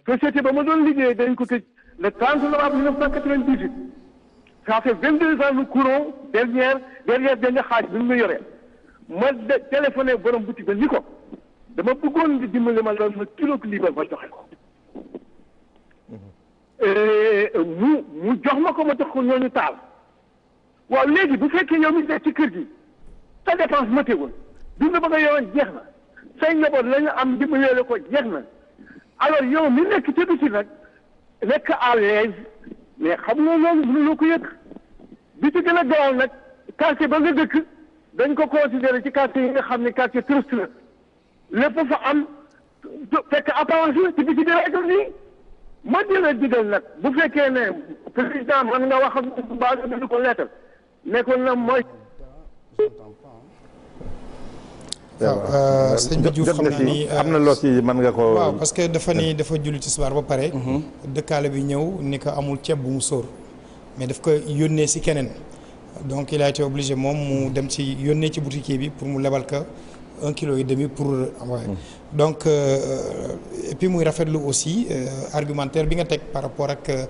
société ba ma doon liggéeye dañ ko tëj le 30 novembre 1998. ça fait vingt deux ans nous courons derrière derrière benn xaalis ma yoree ma de borom boutique ba ni ko dama bëggoon di dimbali ma loolu ma kilo liibar ma joxe ko eh, mu mu jox ma ko ma jox ko ñooñu taal waaw léegi bu fekkee yow mi def ci kër gi sa dépense ma teewul dund ba nga yoroon jeex na say la am dimbalee la ko jeex na alors yow mi nekk ci biti nag nekk à l'aise mais xam nga loolu mënuloo ko yëg bi ci gën a gaaw nag quartier ba nga dëkk dañ ko considéré ci quartier yi nga xam ne quartier touriste la lépp fa am fekk apparence la bi ci gën a état nii ma di la digal nag bu fekkee ne président man nga wax ak base bi ñu ko leetal nekkoon na mooy. waaw euh, sëñ bi Diouf xam naa ni am na euh, loo ci mën nga ko waaw parce que dafa ni dafa julli ci tisbaar ba pare. Mhm. dëkkaale bi ñëw ni ko amul ceeb bu mu sóor. mais daf ko yónnee si keneen donc il a obligé moom mu dem si yónnee ci boutiquier bi pour mu lebal ka un kilo et demi pour envoyer ah hmm. donc euh, et puis muy rafetlu aussi euh, argumentaire bi nga teg par rapport ak euh,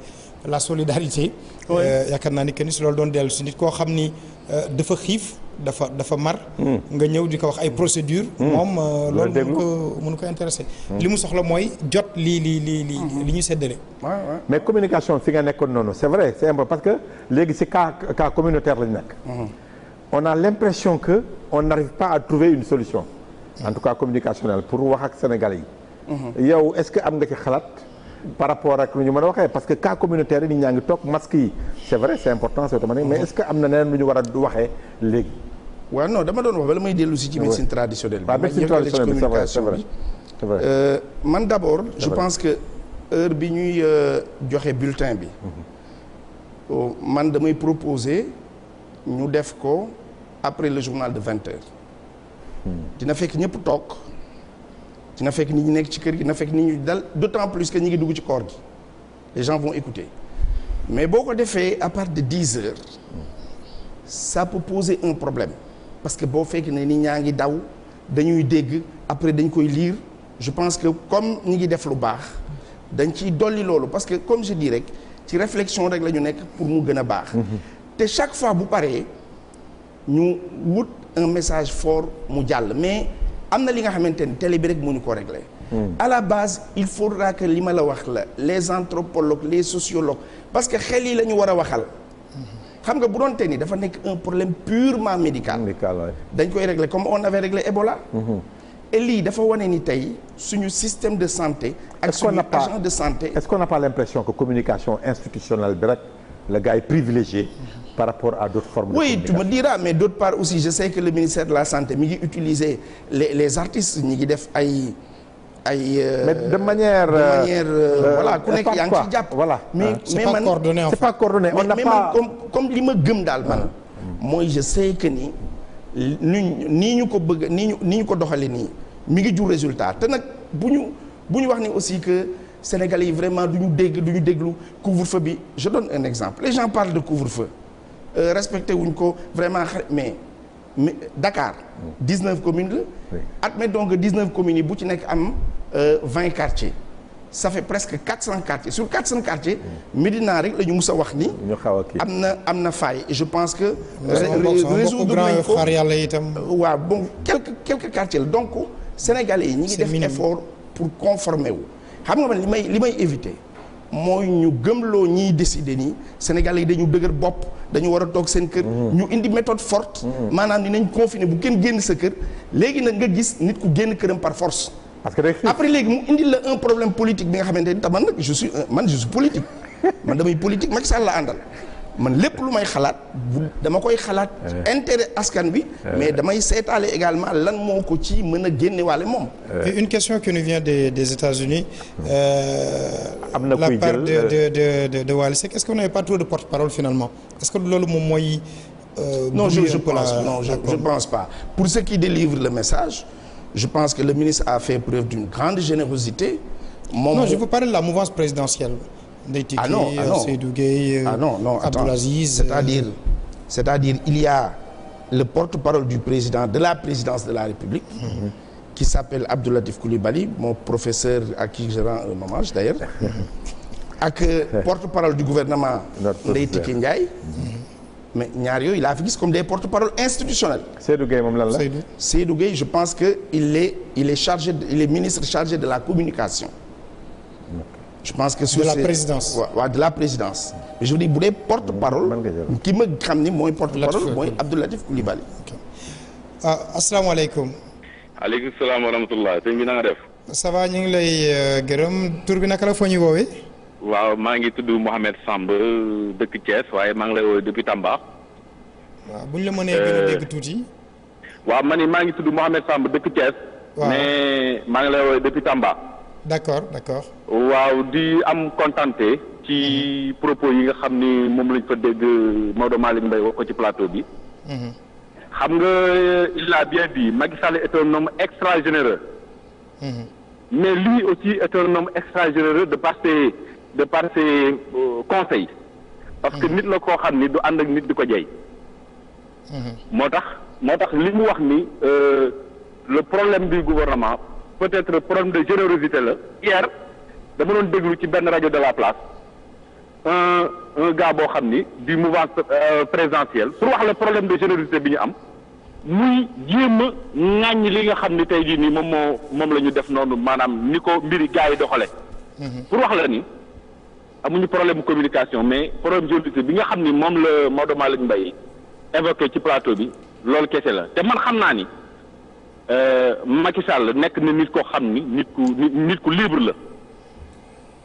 la solidarité. Euh, yaakaar naa ni que si loolu doon dellu si nit koo xam ni euh, dafa xiif dafa dafa mar. Hmm. nga ñëw di ko wax ay procédure hmm. moom euh, loolu mënu ko mënu ko intéressé. Hmm. li mu soxla mooy jot lii lii lii lii li ñu séddale. mais communication fi nga nekkoon noonu c'est vrai c'est important parce que léegi si cas cas communautaire lañu nekk. on a l'impression que on n'arrive pas à trouver une solution. en tout cas communicationnelle pour wax ak sénégal yi. yow est-ce que am nga ci xalaat. par rapport ak lu ñu mën a waxee parce que cas communautaire yi nit ñaa ngi toog masque yi c'est vrai c'est important c'est automatique mais mhm. est-ce que am na neneen lu ñu war a waxee léegi waaw non dama doon wax bala may dellusi ci médecine traditionnelle bi ah, médecine traditionnelle bi c'est vrai c'est vrai euh, man d'abord je pense que heure bi ñuy euh, joxe bulletin bi mhm. oh, man damay proposer ñu def ko après le journal de vingt heures hmm. dina fekk ñëpp toog ci na fekk nit ñi nekk ci kër gi na fekk ni ñu dal d'autant plus que ñu ngi dugg ci koor gi les gens vont écouter mais boo ko defee à partir de dix heures ça peut poser un problème parce que boo fekk ne nit ñaa ngi daw dañuy dégg après dañ koy liir je pense que comme ñi ngi def lu baax dañ ciy dolli loolu parce que comme je dis rek ci réflexion rek la ñu nekk pour mu gën a baax mm-hmm. te chaque fois bu paree ñu wut un message fort mu jàll mais am na li nga xamante ni télé bi rek mënu ko régler hmm. à la base il faudra que li ma la wax la les anthropologues les sociologues parce que xel yi la ñu war a waxal xam nga bu doon te ni dafa nekk un problème purement médical dañ koy régler comme on avait réglé Ebola hmm. et lii dafa wane ni tey suñu système de santé ak suñu agent de santé est-ce qu'on n'a pas l'impression que communication institutionnelle bi rek la gars yi privilégié par rapport à d'autres formes oui, de communication. Oui, tu me diras, mais d'autre part aussi, je sais que le ministère de la Santé mi ngi utiliser les les artistes ñi ngi def ay ay. Euh, mais de manière de manière euh, euh, voilà ku nekk yaa ngi ci jàpp. voilà mais euh, mais man c'est pas coordonné en fait. c'est pas coordonné on n'a pas comme comme li ma gëm daal man. mooy je sais que ni nii ñu ko bëgg nii ñu nii ñu ko doxalee nii mi ngi jur résultat te nag bu ñu bu ñu wax ni aussi que. Sénégalais yi vraiment du ñu dégg du ñu déglu couvre-feu bi je donne un exemple les gens parlent de couvre-feu Euh, respecté wuñ ko vraiment mais mais Dakar. 19 communes la. admettons que 19 communes yi bu ci nekk am 20 euh, quartiers. ça fait presque 400 quartiers sur 400 quartiers. Mm. Médina rek la ñu mus a wax ni. ñu xaw a am na am na faille je pense que. résoudre nañ ko xar yàlla itam. Euh, waaw bon quelques quelques quartiers la donc sénégalais yi ñi ngi def effort pour conformer wu. xam nga man li may li may éviter mooy ñu gëmloo ñiy décider nii sénégalais yi dañu dëgër bopp. dañu war a toog seen kër. Mm-hmm. ñu indi méthode forte. Mm-hmm. maanaam dinañ confiner bu kenn génn sa kër. léegi nag nga gis nit ku génn këram par force. parce que après léegi mu indi la un problème politique bi nga xamante ni tam man nag je man je suis politique (laughs) man damay politique Macky Sall la àndal. man lépp lu may xalaat dama koy xalaat eh. intérêt askan bi eh. mais damay seetaale également lan moo ko ci mën a génnewaale moom eh. une question qui nous vient des des États-Unis euh, am na kuy jël la part de de de de Wally Seck est-ce qu'on n'avait pas trop de porte-parole finalement est que loolu moom mooy euh, non je je pense non je je pense pas pour ceux qui délivrent le message je pense que le ministre a fait preuve d'une grande générosité moom non je vous parle de la mouvance présidentielle Ndeytiki, ah non, ah non. Seydou Gueye, ah euh, euh, C'est-à-dire, c'est-à-dire il y a le porte-parole du président de la présidence de la République mm-hmm. qui s'appelle Abdou Latif Coulibaly, mon professeur à qui je rends un hommage d'ailleurs. Mhm. ak euh, porte-parole du gouvernement Ndeytiki Ndiaye. Mhm. mais ñaar yooyu laa fi gis comme des porte-parole institutionnels. moom lan la Seydou je pense que il est il est est ministre chargé de la communication. je pense que sur de la présidence la présidence. je vous dis bu dee porte parole. ki ma xam ni mooy porte parole mooy Abdou Latif Coulibaly. ok ah asalaamaaleykum. aleykum salaam wa rahmatulah sëñ bi na def. ça ñu ngi lay euh, gërëm tur bi naka la ñu woowee. waaw maa ngi tudd Mouhamed Samb dëkk Thiès waaye maa ngi lay woowee depuis Tamba. waaw bu ñu la mënee gën a dégg euh, tuuti. waaw man maa ngi tudd Mouhamed Samb dëkk Thiès. mais maa ngi lay woowee depuis tambaa d'accord d'accord. waaw di am contenté ci mhm. propos yi nga xam ni moom lañu fa dégg Maodo Malick Mbaye wax ko ci plateau bi. Mhm. xam nga il a bien dit Macky Sall est extra généreux. Mhm. mais lui aussi est un homme extra généreux de par ses de par conseil euh, conseils. parce que nit la ko xam ni du ànd ak nit di ko jey. moo tax moo tax li mu wax ni euh, le problème du gouvernement. peut-être problème de générosité la hier dama doon déglu ci benn rajo de la place un un boo xam ni du mouvement euh, présidentiel pour wax la problème de générosité bi ñu am muy jéem a ŋàññ li nga xam ni tey jii nii moom moo moom la ñu def noonu maanaam ni ko mbiri gars yi doxale mhm. pour wax la ni amuñu problème communication mais problème générosité bi nga xam ni moom la Maodo Malick mbay évoqué ci plateau bi loolu kese la te man xam naa ni Euh, Macky Sall nekk na nit koo xam ni nit ku nit ku libre la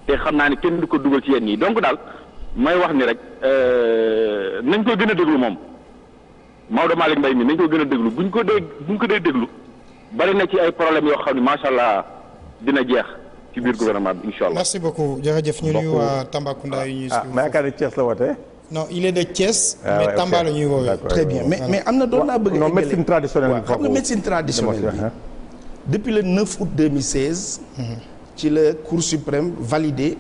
te xam naa ni kenn du ko dugal ci yenn yi donc daal may wax ni rek euh, nañ ko gën a déglu moom Maodo Malick mbay mi nañ ko gën a déglu buñ ko dee buñ ko dee déglu bari na ci ay problèmes yoo xam ne macha allah dina jeex ci biir gouvernement bi incha allah. merci beaucoup jërëjëf ñu nuyu waa Tambacounda yi ñuy. ah ma yaakaar ne Thiès la wootee. non il est de Thiès. Ah mais Tamba la ñuy woowee. très bien mais mais am na doon laa bëgg. non médecine traditionnelle xam nga médecine traditionnelle bi. Uh-huh. depuis le 9 août mm-hmm. ci la Cour suprême validé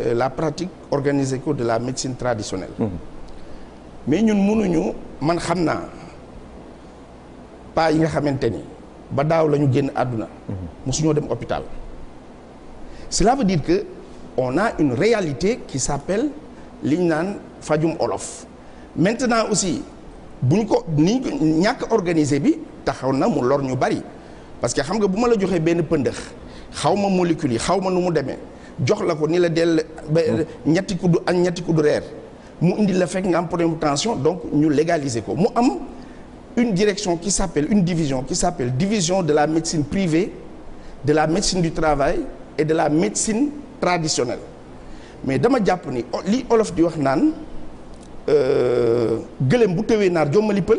euh, la pratique organisée ko de la médecine traditionnelle. Mm-hmm. mais ñun mënuñu man xam naa pas yi nga xamante ni ba daaw lañu génn àdduna. Mm-hmm. mosuñoo dem hôpital. cela veut dire que on a une réalité qui s'appelle liñ naan. fajum olof maintenant aussi buñ ko ni ñàkk organisé bi taxaw na mu lor ñu bari parce que xam nga bu ma la joxee benn pëndëx xaw ma molécule yi xaw ma nu mu demee jox la ko ni la dell ba mm. ñetti kuddu ak ñetti kuddu reer mu indi la fekk nga am problème tension donc ñu légaliser ko mu am une direction ki s'appelle une division qui s'appelle division de la médecine privée de la médecine du travail et de la médecine traditionnelle mais dama jàpp ni li olof di wax naan Euh, gëlëm bu tëwee naar jommali pël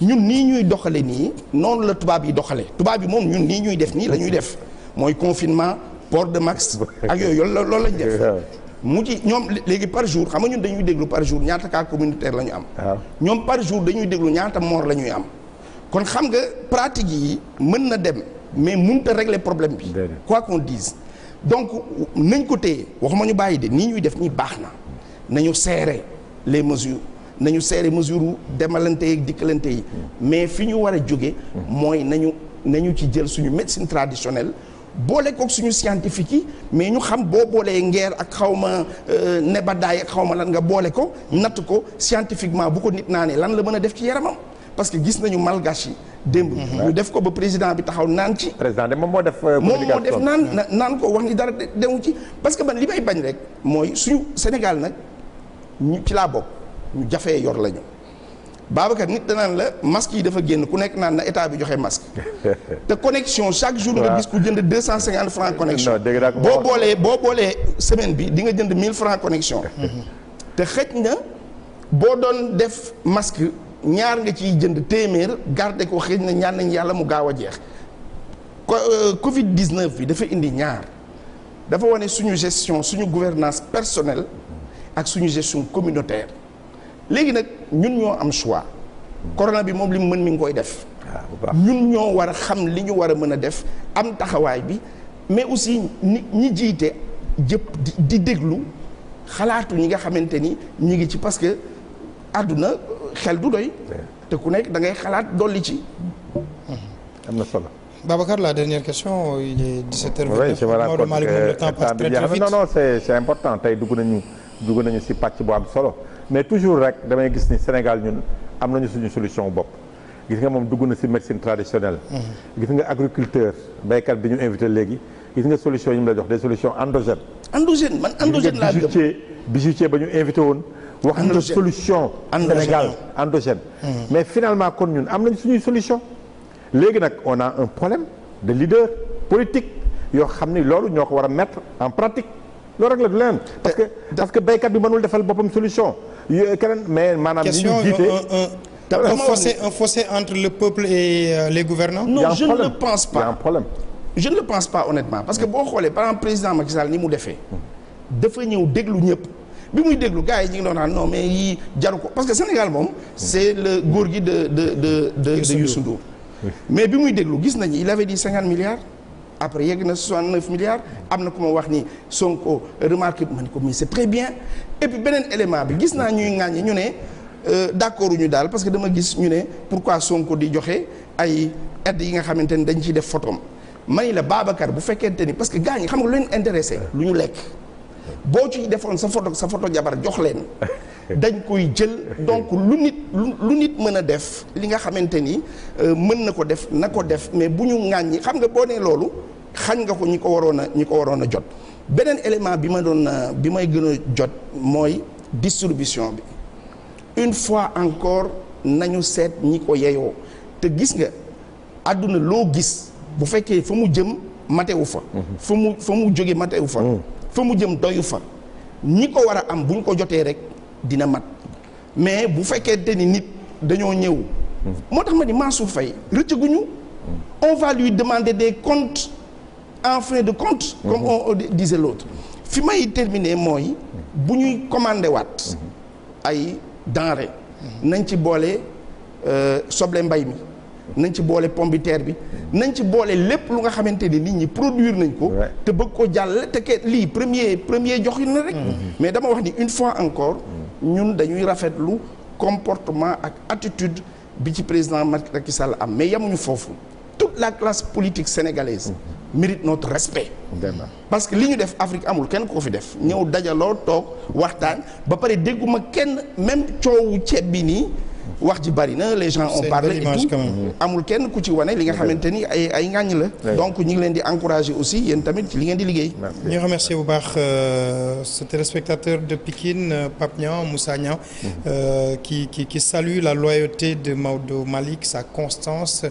ñun nii ñuy doxale nii noonu la tubaab yi doxale tubaab yi moom ñun nii ñuy def nii lañuy def mooy confinement port de max ak yooyu loolu lañ def (laughs) mu ci ñoom léegi par jour xam nga ñun dañuy déglu par jour ñaata cas communautaire la am ah. ñoom par jour dañuy déglu ñaata moor la ñuy am kon xam nga pratique yi mën na dem mais te régler problème bi quoi qu'on dise donc nañ ko téye waxuma ñu bàyyi de nii ñuy def nii baax na nañu seere les mesures nañu seere mesure wu demalante yeeg dikkalante yi mais fi ñu war a jóge mooy nañu nañu ci jël suñu médecine traditionnelle boole kook suñu scientifique yi mais ñu xam boo boolee ngeer ak xaw ma euh, nebadaay ak xaw ma lan nga boole ko natt ko scientifiquement bu ko nit naa ne lan la mën a def ci yaramam parce que gis nañu malgache yi démb mm-hmm. ñu def ko ba président bi taxaw naan ci président moom moo def euh, moo def naan mm-hmm. naan ko wax ni dara dewu ci parce que man li may bañ rek mooy suñu Sénégal nag ñu ci laa bokk ñu jafee yor lañu Babacar nit naan la masque yi dafa génn ku nekk naan na état bi joxe masque (laughs) te connexion chaque jour nga gis ku jënd deux cent cinquante francs connexion boo boolee boo boolee semaine bi di nga jënd mille francs connexion (laughs) te xëj na boo doon def masque ñaar nga ciy jënd téeméer garde ko xëj na ñaan nañ yàlla mu gaaw a jeex euh, covid 19 bi dafa indi ñaar dafa wane suñu gestion suñu gouvernance personnelle ak suñu gestion communautaire léegi nag ñun ñoo am choix corona bi moom li mu mën mi ngi koy def ah, ñun ñoo war a xam li ñu war a mën a def am taxawaay bi mais aussi ni ñi jiite jëpp di déglu xalaatu ñi nga xamante ni ñi ngi ci parce que àdduna xel du doy te ku nekk da ngay xalaat dolli ci am na solo Babacar la dernière question il est 17h29 oui je me rends compte tey dugg nañu dugg nañu si pàcc bu am solo mais toujours rek damay gis ni Sénégal ñun am nañu suñu solution bopp gis nga moom dugg na si médecine traditionnelle. Mm-hmm. gis nga agriculteur béykat bi ñu invité léegi gis nga solution yi mu la jox des solutions endogènes. ba ñu invité woon. wax na solution. Sénégal endogène. Mm-hmm. mais finalement kon ñun am nañ suñuy solution. léegi nag on a un problème de leader politique yoo xam ni loolu ñoo ko war a mettre en pratique. loolu rek la du leen euh, parce que parce que béykat bi mënul defal boppam solution keneen mais maanaam li ñu jiite euh, euh, un fossé entre le peuple et les gouvernants non je ne le pense pas a un honnêtement parce que boo xoolee par exemple président Macky Sall ni mu defee dafa ñëw déglu ñëpp bi muy déglu gars yi ñu ngi doon naan mais yii jaru ko parce que Sénégal moom c'est le góor gi de de de de Youssou Ndour mais bi muy déglu gis nañu il avait dit cinquante milliards après yegg na 69 milliards am na ku ma wax ni Sonko remarque ma ne ko mais c'est très bien et puis beneen élément bi gis naa ñuy ŋàññi ñu ne euh, d'accord ñu daal parce que dama gis ñu ne pourquoi Sonko di joxe ay aide yi nga xamante ni dañ ciy def photom mani la Babacar bu fekkente ni parce que gars ñi xam nga lu leen intéressé lu ñu lekk boo ci defoon sa photo sa photo jabar jox leen (laughs) dañ koy jël donc lu nit lu nit mën a def li nga xamante ni euh, mën na ko def na ko def mais bu ñu ŋàññi xam nga boo ne loolu xañ nga ko ñi ko waroon a ñi ko waroon a jot beneen élément bi ma doon euh, bi may gën a jot mooy distribution bi une fois encore nañu seet ñi ko yeyoo te gis nga àdduna loo gis bu fekkee fa mu jëm matewu fa mm-hmm. fa mu fa mu jóge matewu fa mm. fa mu jëm doyu fa ñi ko war a am bu ñu ko jotee rek dina mat mais bu fekkente ni nit dañoo ñëw. Hmm. moo tax ma ni Mansour Faye rëccaguñu. Hmm. on va lui demander des comptes en fin de compte. Hmm. comme on disait l'autre fi may terminer mooy bu ñuy commandé waat. ay denrées. nañ ci boole euh, soble mbay mi. nañ ci boole pomme bi nañ ci boole lépp lu nga xamante ni nit ñi produir nañ ko te bëgg ko jàll te ke lii premier premier jox na rek mm-hmm. mais dama wax ni une fois encore ñun dañuy rafetlu comportement ak attitude bi ci président Macky Sall am mais yamuñu foofu toute la classe politique sénégalaise mm-hmm. mérite notre respect parce que li ñu def Afrique amul kenn ko fi def ñëw dajaloo toog waxtaan ba pare dégguma kenn même coowu ceeb bi nii wax ji bari na les gens ont parlé et tout amul kenn ku ci wane li nga xamante ni ay ay ngàññ la donc ñu ngi leen di encourager aussi yéen tamit ci li ngeen di liggéey ñu remercier bu baax euh, ce téléspectateur de Pikine Pape Niang Moussa Niang mhm. euh, qui qui qui salue la loyauté de Maodo Malick sa constance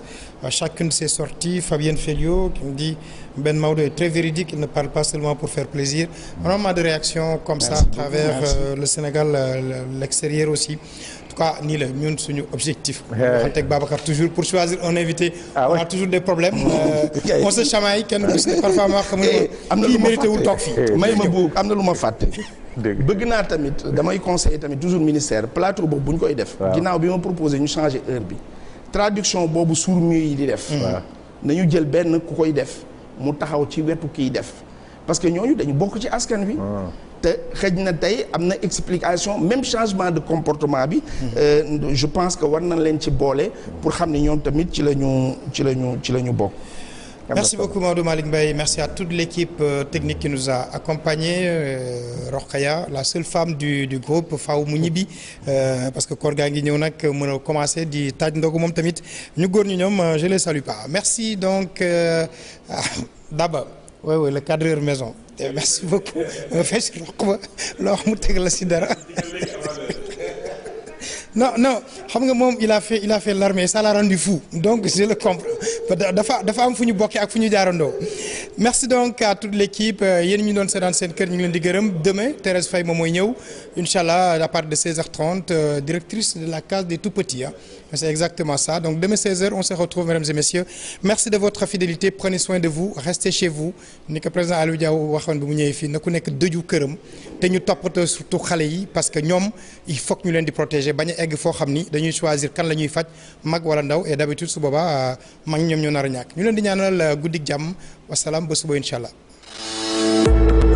à chacune de ses sorties Fabienne Felio qui me dit Ben Maodo est très véridique il ne parle pas seulement pour faire plaisir énormément mhm. de réactions comme ça à travers euh, le Sénégal l'extérieur aussi tout cas nii la ñun suñu objectif. waxante eh. ak Babacar toujours pour choisir un invité. Ah on a toujours des problèmes. (laughs) Euh, on se chamaille eh, am na lu ma mérité wul toog fii. Eh, may ma bu am na lu ma fàtte. (laughs) bëgg naa tamit damay conseiller tamit toujours ministère plateau boobu bu ñu koy def. ginnaaw bi ma proposé ñu changer heure bi. traduction boobu sourds muy di def. nañu jël benn ku koy def mu taxaw ci wetu kiy def parce que ñooñu dañu bokk ci askan wi. Ah. te xëj na tey am na explication même changement de comportement bi. Euh, je pense que war nañ leen ci boole. pour xam ni ñoom tamit ci la ñu ci la ñu ci la ñu bokk. merci beaucoup Maodo Malick Mbaye merci à toute l'équipe euh, technique qui nous a accompagnés euh, la seule femme du du groupe faaw mu ñibbi euh, parce que kor gaa ngi ñëw nag mën a commencer di taaj ndogu moom tamit ñu góor ñu ñoom euh, je les salue pas merci donc euh, (laughs) Daba. oui oui le cadreur maison eh, merci beaucoup nga fecc roq mu teg la si dara (laughs) non non xam nga moom il a fait il a fait l'armée ça l'a rendu fou donc je le comprends dafa dafa am fu ñu bokkee ak fu ñu jaarandoo merci donc à toute l'équipe euh, yéen ñu doon seetaan seen kër ñu ngi leen di gërëm demain Thérèse Faye moom mooy ñëw incha allah à de 16h30 euh, directrice de la case des tout petits ah C'est exactement ça. Donc demain 16h, on se retrouve, mesdames et messieurs. Merci de votre fidélité. Prenez soin de vous. Restez chez vous. ni ko président Aliou waxoon bi mu ñëwee fii na ku nekk dëju këram te ñu toppatoo surtout xale yi parce que ñoom il faut ñu leen di protéger bañ a egg foo xam ni dañuy choisir kan la ñuy faj mag wala ndaw et d'habitude su boobaa euh, mag ñoom ñoo nar a ñàkk ñu leen di ñaanal euh, guddik jàmm wasalaam ba suba incha allah.